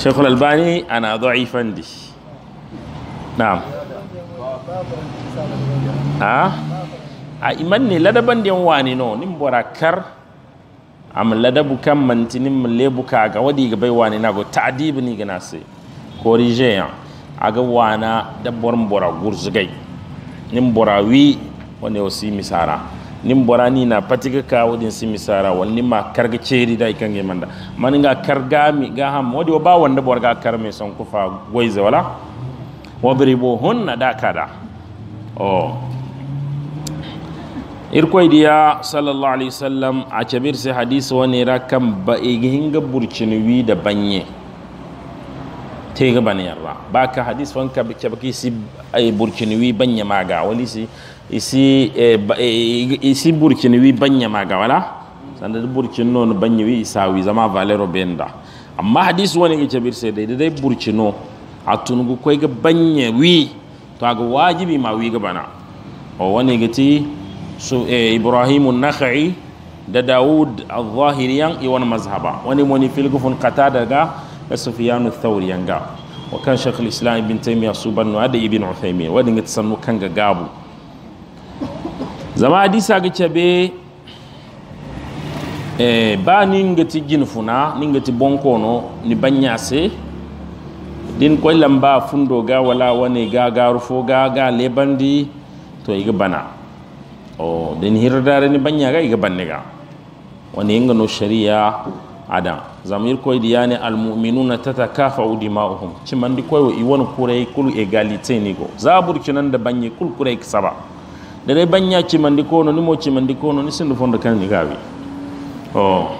shekul albani ana da'ifan di na'am a a iman ne ladaban da wani no nin borakar am ladabu kan mantinin mun lebuka ga wadi ga bai wani na go ta'dib ni ga nase corriger aga wana dabbar bora gurzugai nin borawi wani wasi misara nin borani na patiga kawudin simi sara wal ma karga ceri da ikange manda man ga karga mi ga ham modi ba wanda borga karme son kufa goiza wala wabribu hunna da kada o oh. irkoy diya sallallahu alaihi wasallam a chabir se hadisi wani rakam ba iginga wi da banye tega baniyarra baka hadis wanka cabaki si wi banye maga wali si isi eh, eh, isi burkini wi banya maga wala sanda burkini no banya wi isawi zama valero benda amma hadisi wani ke bir sai dai dai burkino atun gu koy ga banya wi to ga wajibi ma wi ga bana o wani gati su eh, ibrahim an-nakhai da daud al-zahiriyan iwan mazhaba wani moni filgufun qata daga da sufyan ath-thawri yanga wa kan shaykh al-islam ibn taymiyyah da ibn uthaymeen wani gati sannu kan ga gabu zama hadisa ga cebe eh, ba ninga ti jin funa ninga ti bonkono ni banyase din koy lamba fundo ga wala wane ga garu fo ga ga lebandi to iga bana o din hirdare ni banya ga iga banne ga wani inga no sharia ada zamir koy di yani al mu'minuna tatakafau dima'uhum cimandi koy wo iwon kurai kul egalite ni go zabur nan da banye kul kurai saba dere banya cimandi kono ni mo cimandi kono ni sindu fondo kan gawi o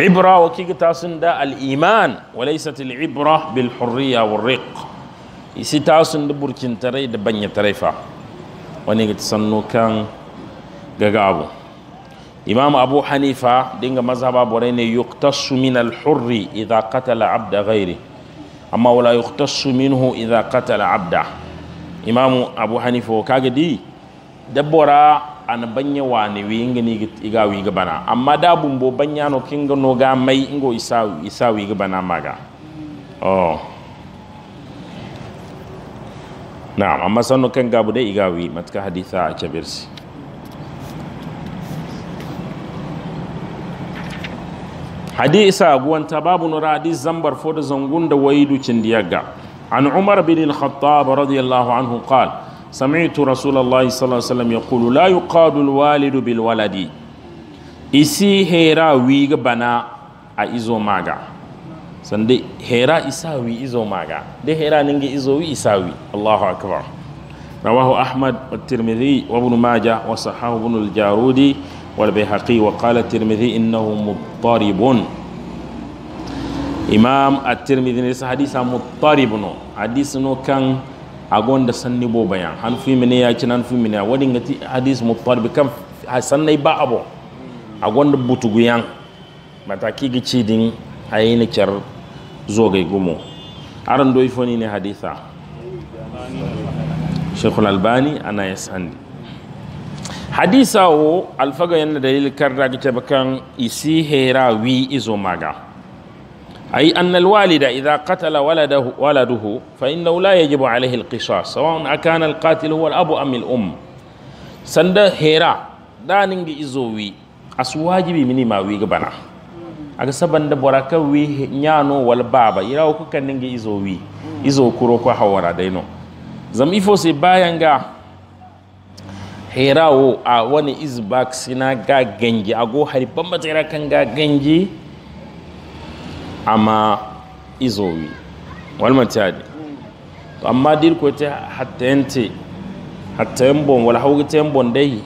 ibra wa kiga tasun da al iman wa laysat al ibra bil hurriya wal riq isi tasun da burkin tare da banya tare fa wani ga sanno kan gagabu imam abu hanifa dinga mazhaba bore ne yuqtasu min al hurri idha qatala abda ghairi amma wala yuqtasu minhu idha qatala abda imamu abu hanifo kaga di dabbora an banya wani wi inga ni iga wi bana amma da bumbo banya no kinga no ga mai ingo isa isa wi bana maga oh na amma sanu kan gabu dai iga wi matka haditha a kabirsi hadisa guwanta babu nura hadis zambar fodo zangun da waidu cindiyagga عن عمر بن الخطاب رضي الله عنه قال سمعت رسول الله صلى الله عليه وسلم يقول لا يقاد الوالد بالولد isi hera wiga bana a izo maga sande hera isawi izo maga de hera ninge izowi isawi allahu akbar rawahu ahmad والترمذي وابن ماجه وصححه ابن الجارودي والبيهقي وقال الترمذي انه مضطرب imam at-tirmidhi ne sa hadisa muttaribno hadis no kan agonda sanni bo bayan han fi mene ya nan fi mene wadin gati hadis muttarib kan sannai ba abo agonda butuguyan mataki gici din hayini kyar zogai gumo aran doyi foni ne haditha shekul albani ana ya sandi hadisa wo alfaga yana dalil karda ga bakan isi hera wi izo maga أي أن الوالد إذا قتل ولده, ولده فإنه لا يجب عليه القصاص سواء أكان القاتل هو الأب أم الأم سند هيرا دانينج إزوي أسواجبي مني ما ويغ aga saban da boraka wi nyano wal baba ira ko kaninge izo wi izo kuro ko hawara daino zam ifo se bayanga herawo a wani izbak sina ga ganji ago hari bamba kan ga ama izowi walma tadi to amma dir ko ta hatta yante hatta yambon wala hawga ta yambon dai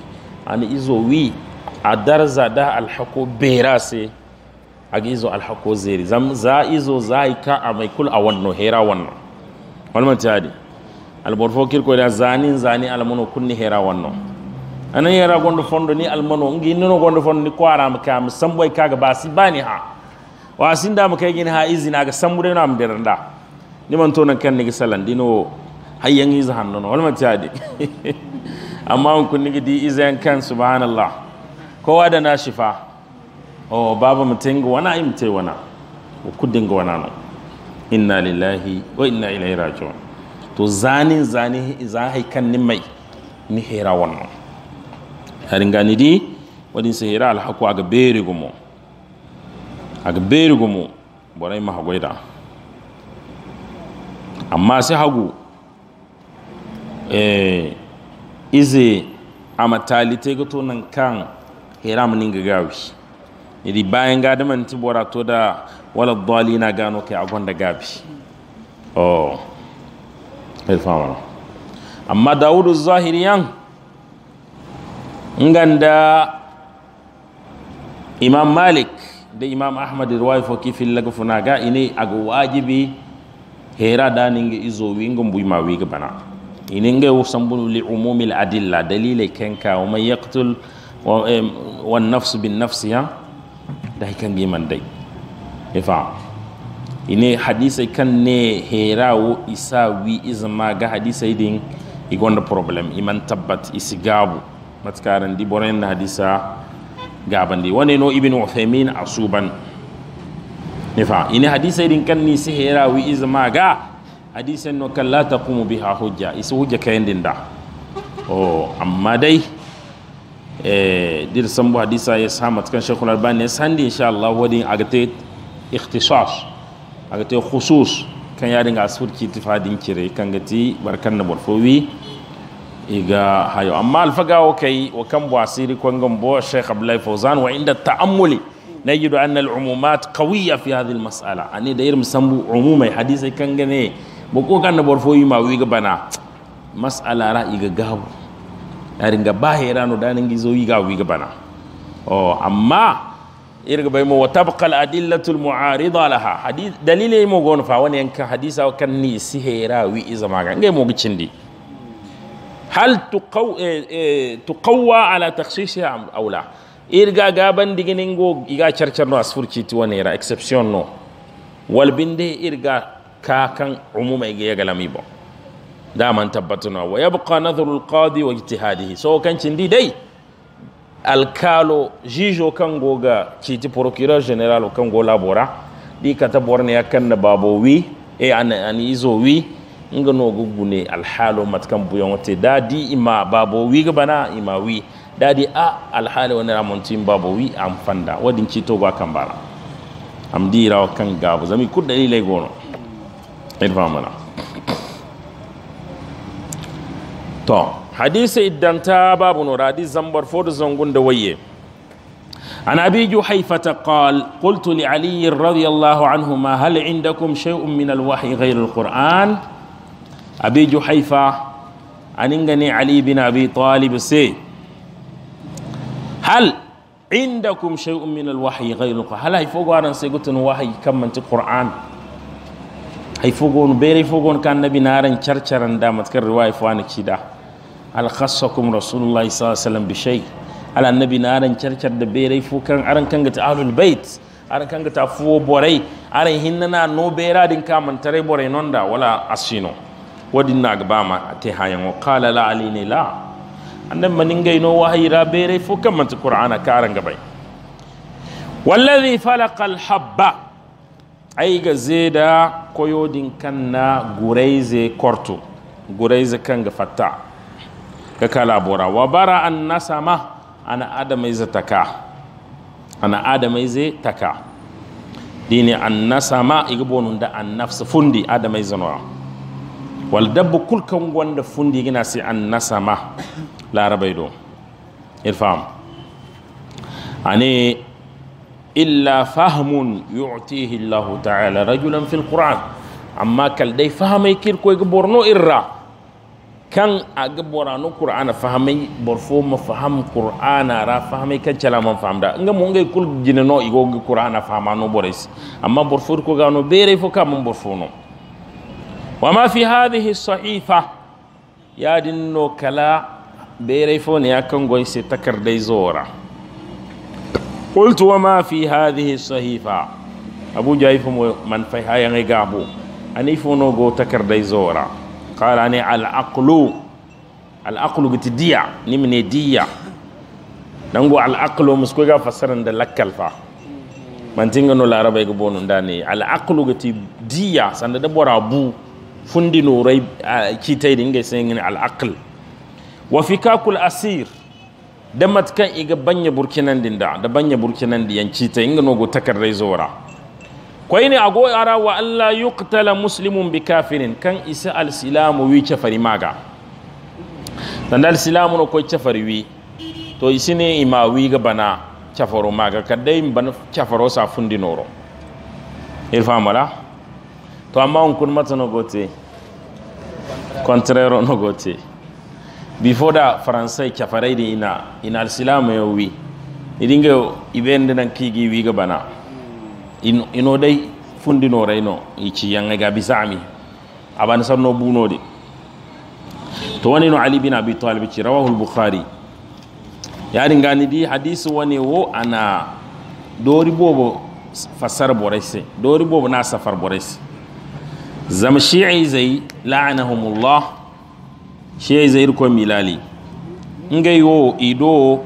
an izowi a darza da alhako bera sai a ga izo alhako zeri za izo za yi ka a mai kul a wannan hera wannan walma tadi alborfo kirko da zanin zani almano kunni hera wannan anan yara gondo fondo ni almano ngi nino gondo fondo ni kwara kam samboy kaga basi bani ha wa da mu kai gin ha na ga mu na mu da ni man to nan kan ni salan dino hayyan izi zahan nan wal matiyadi (laughs) amma an kun ni di izan kan subhanallah kowa da na shifa oh baba mutin ga wana imte wana kudin ga wana na inna lillahi wa inna ilaihi raji'un to zanin zani za haikan ni mai ni hera wannan harin gani di wadin sai hera alhaku aga bere gumo aga mu borai ma amma sai hagu eh, ize ama talite ga nan kan hiram ni gawi idi bayan ga daman ti bora to da wala dalina gano kai agonda gabi oh kai fama amma dawudu zahiriyan nganda imam malik da imam ahmad ruwai foki fil lagu funa ga ine aga wajibi hera da ninge izo wingo mbuy ma wiga bana ine nge wo sambulu li umumi al adilla dalile kenka wa man yaqtul wa nafs bin nafs ya dai kan gi man dai ifa ine hadisai kan ne hera wo isa wi izma ga hadisai din igonda problem iman tabbat isigabu matkaran di boren hadisa gabandi wane no ibn uthaymin asuban nifa ini hadisa din kan ni sihira wi izma ga hadisan no kan la taqumu biha hujja isu hujja kayan din da oh amma dai eh dir san bu hadisa ya sama kan shaykhul albani ya san insha Allah wadin agate ikhtisas agate khusus kan ya dinga asfurki tifadin kire kan gati barkan na borfowi iga hayo amma alfaga wa kai wa kan bu asiri kon gombo sheikh abdullahi fawzan wa inda ta'ammuli najidu anna al'umumat qawiyya fi hadhihi al-mas'ala ani da irin sambu umumai hadisi kan gane bu ko kan bor fo bana mas'ala ra iga gabu arin ga ba hera no danin gi zo iga wi ga bana oh, amma irga bai mo wa tabqa al-adillatu al-mu'arida laha dalilai mo gon fa wani yanka hadisa kan ni si hera wi izama ga ngai mo gicindi hal tuqawwa ala takhsisiha a aula irga gaban diginin go iga charchar no asfurci ti wani ra exception no walbin binde irga ka kan umuma iga galami bon daman tabbatuna wa yabqa nadhru al qadi wa ijtihadihi so kan cindi dai alkalo jijo kan goga citi procureur general kan go labora di kata borne yakan na babo wi e an an izo wi nga no gubune alhalo matkan buyon te dadi ima babo wi bana ima wi dadi a alhali wani ramontin babo wi am fanda wadin ci to ba kan bara am dira kan gabu zami kudda ni le gono irfa mana to hadisi iddanta babu no radi zambar fodo zongunde waye عن أبي جحيفة قال قلت لعلي رضي الله عنهما هل عندكم شيء من الوحي غير القرآن؟ abi juhaifa ne ali bin abi talib se hal inda indakum shay'un min alwahyi ghayru hal haifo fogo aran se gutun wahyi kamman ti qur'an haifo fogo no bere fogo kan nabi naran charcharan da matkar riwaya fani kida al khassakum rasulullah sallallahu alaihi wasallam bi shay al annabi naran charchar da bere kan aran kan gata ahlul bait aran kan ga ta fuwo borai aran hinna na no bera din kamantare borai nonda wala asino wadin na gaba ma te hayan wa qala la alini la annan manin gaino wahayi ra bere fo kan manta qur'ana karan gabai wallazi falaqa al habba ay ga zeda koyodin kanna gureize korto gureize kan ga fatta ka kala bora wa bara an nasama ana adamai taka, ana adamai iza taka dini an nasama igbonun da an nafsu fundi iza no wal dabbu kul kan gonda fundi gina si an nasama larabai do irfam ani illa fahmun yu'tihi Allah ta'ala rajulan fil qur'an amma kal dai fahamai kir ko ga borno irra kan a ga borano qur'ana fahimai borfo ma faham qur'ana ra fahimai kan cala man faham da nga mo ngay kul jinano igo ga qur'ana fahamano bores amma borfo ko ga no bere fo kam borfo no wa ma fi hadhihi sahifa ya dinno kala beeray fo ne yakan goy se takardai zora qultu wa ma fi hadhihi sahifa abu jay mo man fay haya ngay gabu ani fo no go takardai zora qala ani al aqlu al aqlu giti diya ni mine diya nango al aqlu musko ga fasaran da lakal fa man tinga no larabai go bonu ndani al aqlu giti diya sanda da bora bu fundi norai kitai sai yin al'aql wa kakul asir da matakan iga banya burkinan dinda da banya burkinan diyan kitai inga nogo takarrai zora kwai ne ago ara wa Allah yuqtala muslimun bi kafirin kan isa al-silamu wi chafari maga dan al-silamu no ko chafari wi to isine imawi ga bana chafaro maga kadai ban chafaro sa fundi noro irfamala to amma kun mata no go te no go te before da faransai kafarai din ina ina alsilama ya wi idinga ibende nan kigi wi ga bana ino, ino dai fundi no reno ichi yanga ga bisami aban san no buno de to wani no ali bin abi talib ci rawahu al-bukhari ya dinga ni di hadisi wani wo ana dori bobo fasar borese dori bobo na safar borese zama yi zai la'anahumullah yi zai irko milali nga yo ido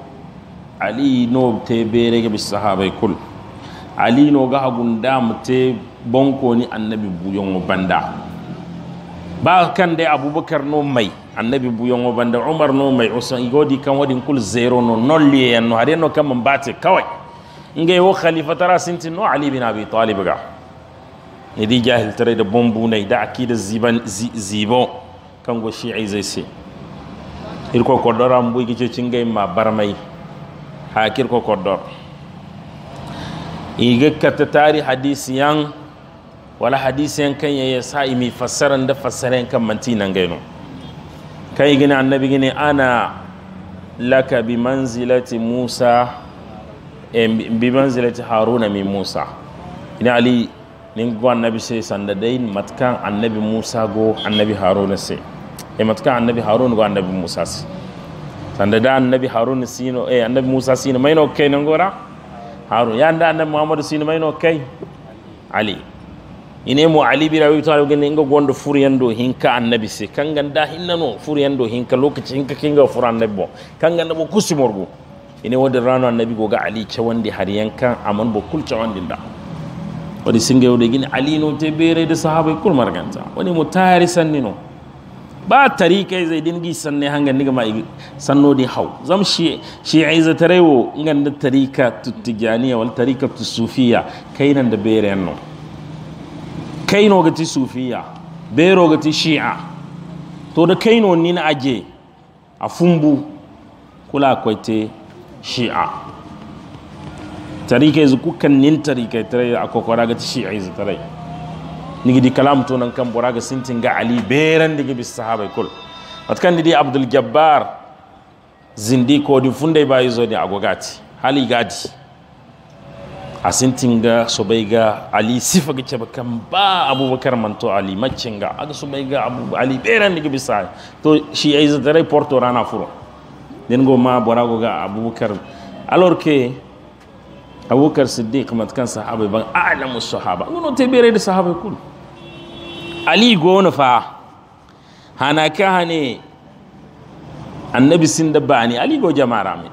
ali no te bere ga bis sahabai kul ali no ga damu te bonko ni annabi buyon banda ba kan dai abubakar no mai annabi buyon banda umar no mai usan igodi kan wadin kul zero no nolli no hare no kan man bate kawai nga yo khalifa tara sintin no ali bin abi talib ga ne di jahiltare da bombu ne da akida ziban zibon kan go shi'i zai se irko kodora mbu gice cingai ma barmai hakir ko kodor iga kata tari hadisi yan wala hadisi yan kan yaya sa imi fassaran da fassaran kan manti nan gaino kai gina annabi gine ana laka bi manzilati musa bi manzilati haruna min musa ina ali nin go annabi se sanda dai matkan annabi musa go annabi haruna se e matkan annabi haruna go annabi musa se sanda da annabi haruna sino e annabi musa sino mai no kai nan gora harun ya da annabi muhammadu sino mai no kai ali ine mo ali bi rawi tawo gane inga gondo furiyan do hinka annabi se kanga da hinna no furiyan do hinka lokaci hinka kinga furan annabi bo kanga da bo kusimorgo ine wada rano annabi go ga ali ce wanda har yankan aman bo kulce wanda da wani singa yau da gini alino ta bere da sahabai kul marganta wani mu tayari sanni no ba tari kai zai dingi sanne hangan niga ma sanno di hau zam shi shi aiza tarewo ngan da tarika tuttiganiya wal tarika tusufiya kainan da bere no kaino gati sufiya bero gati shi'a to da kaino ni na aje a fumbu kula kwaite shi'a tarikai zu nin tarikai tare a kokora ga tishi ai tare ni di kalam to nan kan bora ga sintin ga ali beran diga bis sahabai kul atkan di abdul jabbar zindi ko di funde bayi zo di agogati hali gadi a sintin ga subai ga ali sifa ga ceba kan ba abubakar manto ali maccin ga aga subai ga abu ali beran diga bis sahabai to shi ai tare porto rana furo den go ma bora go ga abubakar alors que abubakar siddiq matkan sahabai ban a'lamu sahaba nuna ta bere da sahabai kudu ali gona fa hanaka hane annabi sin dabba bani ali go jama'a mai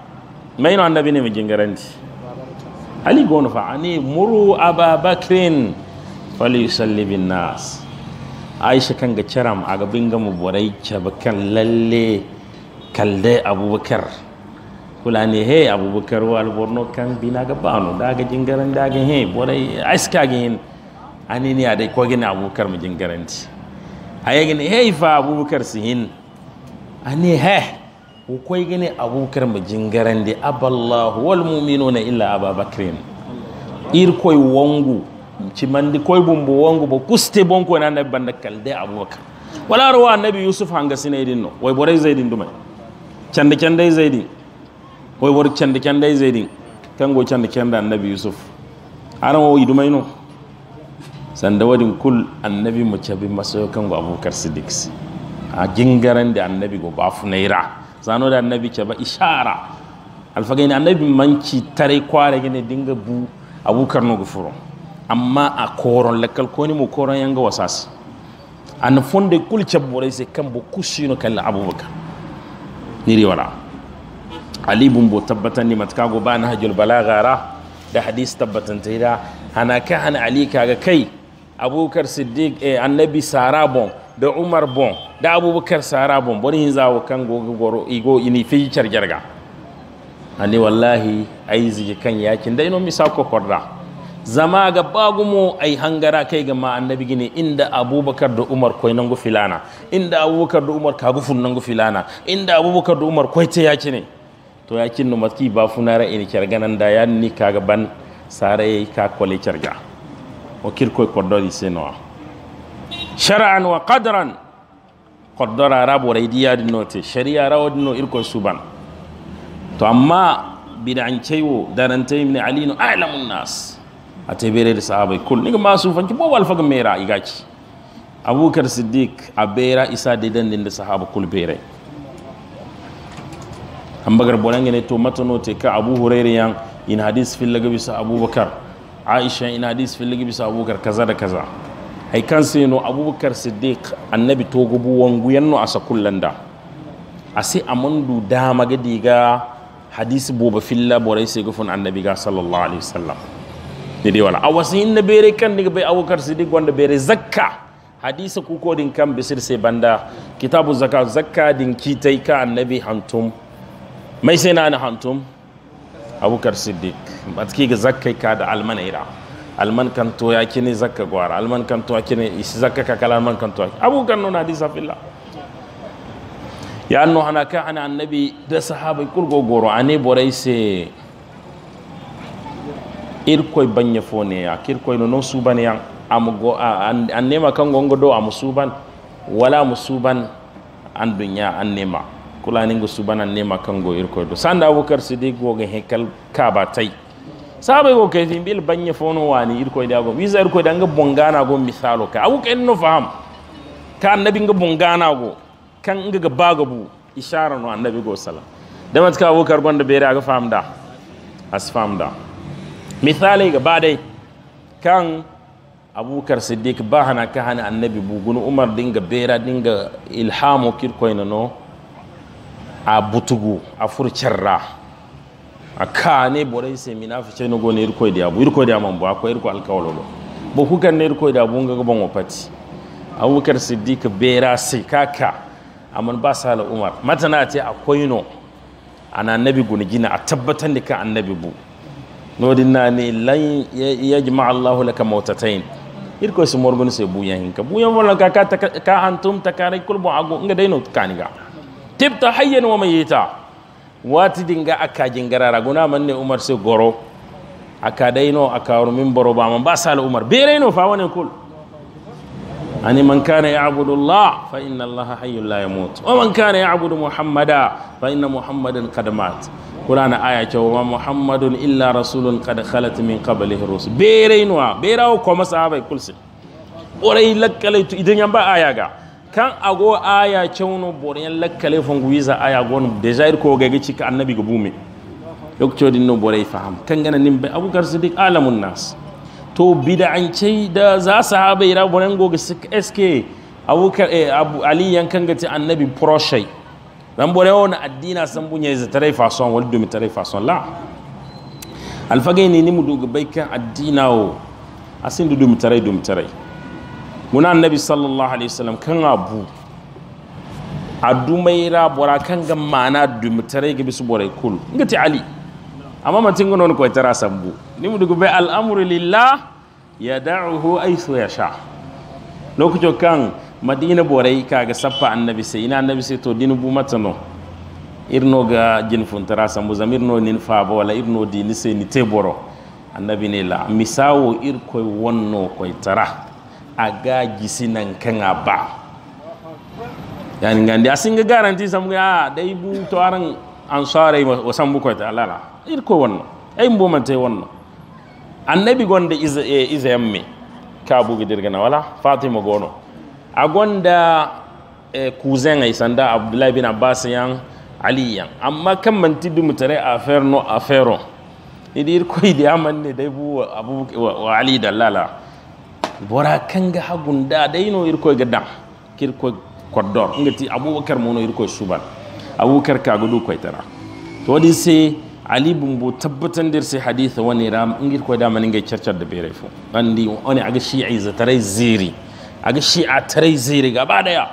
mai no annabi ne mi jingaranti ali gona fa ne muru ababakirin fali yusalli bin nas aisha kan ga ciram a gabin gama borai kan lalle kalle abubakar fulani he abubakar wal borno kan bina ga bano daga jingaran daga he borai aska gin ani anini adai ko gina abubakar mu jingaranti aye gini he fa abubakar a ani he ko koy gini abubakar mu jingarande aballahu wal mu'minuna illa ababakrin ir koy wangu ci mandi koy bumbu wangu bo kuste bonko na na bandakal de abubakar wala rawa nabi yusuf hanga sinaidin no way borai zaidin dumai cande cande zaidin wai wari canda kyan dai zai din kan go canda kyan da annabi yusuf aran wo duma ino sanda wadin kul annabi mu cabi maso kan go abubakar siddiq a gingaran da annabi go bafu naira zano da annabi caba ishara alfaga ne annabi manci tare kware gine dinga bu abubakar no gufuro amma a koron lakal ko ni mu koron yanga wasas an fonde kul cabore sai kan bo kusino kala abubakar niri wala ali bumbo tabbatan ni matuka ba na hajjul balagara da hadis tabbatan ta da hana ka hana ali kaga kai abubakar siddiq e annabi sarabon da umar bon da abubakar sarabon. bon bari yin zawo kan gogo goro igo ini fi charjarga ani wallahi ai zige kan yakin da ino misa ko zama ga bagumo ai hangara kai ga ma annabi gine inda abubakar da umar koi nango filana inda abubakar da umar filana inda abubakar da umar koi ta yaki ne to ya kinno ki ba funara in kyar ganan da ya ni kaga ban sare ka kole ga o ko kordo di seno shar'an wa qadran qaddara arabo raidiya din note shari'a rawo din no irko suban to amma bid'an cewo darante min ali no a'lamun nas a tebere da sahabai kul ni ma su fanki bo wal faga mera igaci abubakar siddiq a bera isa da dan da sahaba kul bere hambagar bolangene to matano te ka abu hurairu yan in hadis fillaga bisa abubakar aisha in hadis fillaga bisa abubakar kaza da kaza hay kan sai no abubakar siddiq annabi to gubu wangu yanno asa kullanda asi amandu dama ga diga hadis boba filla borai sai gufun annabi ga sallallahu alaihi wasallam ne dai wala awasi inna bere kan diga bai abubakar siddiq wanda bere zakka hadisa kuko din kan bisir sai banda kitabu zakka zakka din kitai ka annabi hantum mai sai na hantum abubakar siddiq batki ga zakkai ka da almana ira alman kanto ya kini zakka gwara alman kanto ya kini isi zakka ka kala alman kanto ya abubakar nuna hadisa filla. ya annu hana ka ana annabi da sahabai kurgo goro ane borai se irkoi banya fone ya kirkoi no su suban ya amugo an nema kan gongo do amusuban wala musuban an dunya an nema kulaningu subana nema kango irkoydo sanda aboubacar sidik woga ka kal kaba tay sahabai go kayfi bil banye fono wani irkoyde ago wisa irkoyde bongana go misalo ka awu ken no faham ka annabi nga go kan nga ga baga bu ishara no annabi go sallam damat ka aboubacar gonda beere aga da as da misale ga badai kan abubakar siddiq ba hana ka hana annabi bugun umar dinga bera dinga ilhamu kirkoina no a butugu a ra a ka ne borai se mina fi ce nugo ne irko da abu irko da man bu ko irko alkawalolo bu ku kan ne irko da abu ga gaban wafati abubakar siddiq bera sai kaka amman ba sala umar matana ce akwai no ana nabi gunigina a tabbatar da kan annabi bu nodin na ne lan yajma Allahu laka mautatain irko su morgun sai buyan hinka buyan wala ka ka antum takarai kulbu ago inga dai no kaniga tibta hayyan wa mayita wati dinga aka jingarara guna manne umar sai goro aka daino aka min boro ba man ba sala umar bere no fa wani kul ani man kana ya'budu Allah fa inna Allah hayyul la yamut wa man kana ya'budu Muhammada fa inna Muhammadan qad mat qur'ana aya ce wa Muhammadun illa rasulun qad khalat min qablihi rusul bere no bere ko masaba kulsin orai lakkalai idan yan ba aya ga kan ago aya cewno boren lakkale fon wiza aya gon dejair ko gagi cika annabi go bumi lokcodin no borai faham kan gana nimbe abubakar siddiq alamun nas to bid'ance da za sahaba ira boren go sik sk abubakar eh, abu ali kan gati annabi proshay dan bore wona addina san bunye za tarai fason wal dumi tarai fason la alfagaini ni mudu ga baikan addina o asin du dumi tarai dumi tarai muna annabi sallallahu alaihi wasallam kan abu a dumaira bora kan ga mana dumtare ga bisu bora kul ngati ali amma matin gono ko tara sambu ni mu dugu bai al'amru lillah yad'uhu aythu yasha lokacin kan madina borai kaga saffa annabi sai ina annabi sai to dinu bu matano irno ga jin funtara sambu zamirno nin fa ba wala irno dini sai ni te annabi ne la misawo irko wonno tara a gisi nan kan ba a sun ga garanti sam ga ah, dai bu an aran ansare wa san ko ta alala irko ko ayin eh, ay mbo wannan annabi gwanda iza eh, is yamme ka bugi gidirga na wala fatima gono a gonda cousin eh, ay sanda abdullahi bin abbas yan ali amma kan man tiddu mutare ferno a ferro idi irko ko (laughs) idi amande dai bu abu wa ali dallala bora kanga hagunda dai no irko ga dam kirko kodor ngati abubakar mono koy suban abubakar ka gudu koy tara to di sai ali bu tabbatan dir sai haditha wani ram ngir koy dama man ngai charchar da bere fu andi oni aga shi'i za tarai ziri aga shi'a tarai ziri gaba daya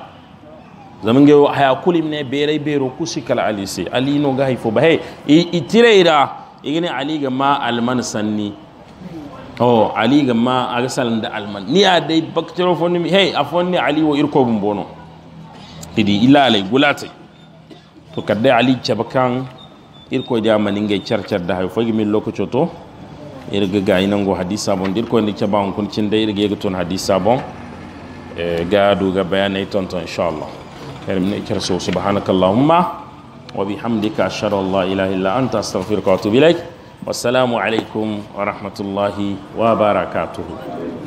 zaman ngai haya kulim ne bere bero kala ali sai ali no ga hifo ba hey itire ira igini ali ga ma alman sanni o oh, ali a aga da alman ni day bactéro fonni mi hey a fonni ali wo irkobum bono idi ilalai gulatai to kadde ali caba kan irkoyde amaningey carcarda hay foygi min lokaco to irga gayinango hadis sabon dir koyde caba on kon cinde irga yega toon hadis sabon e ga duga bayanay toon to inchallah heri min e cerso subhanaka allahumma wa bihamdika ashhadu an la ilaha illa anta astaghfiruka wa atubu ilayk wasalamu alaikum wa rahmatullahi wa barakatuhu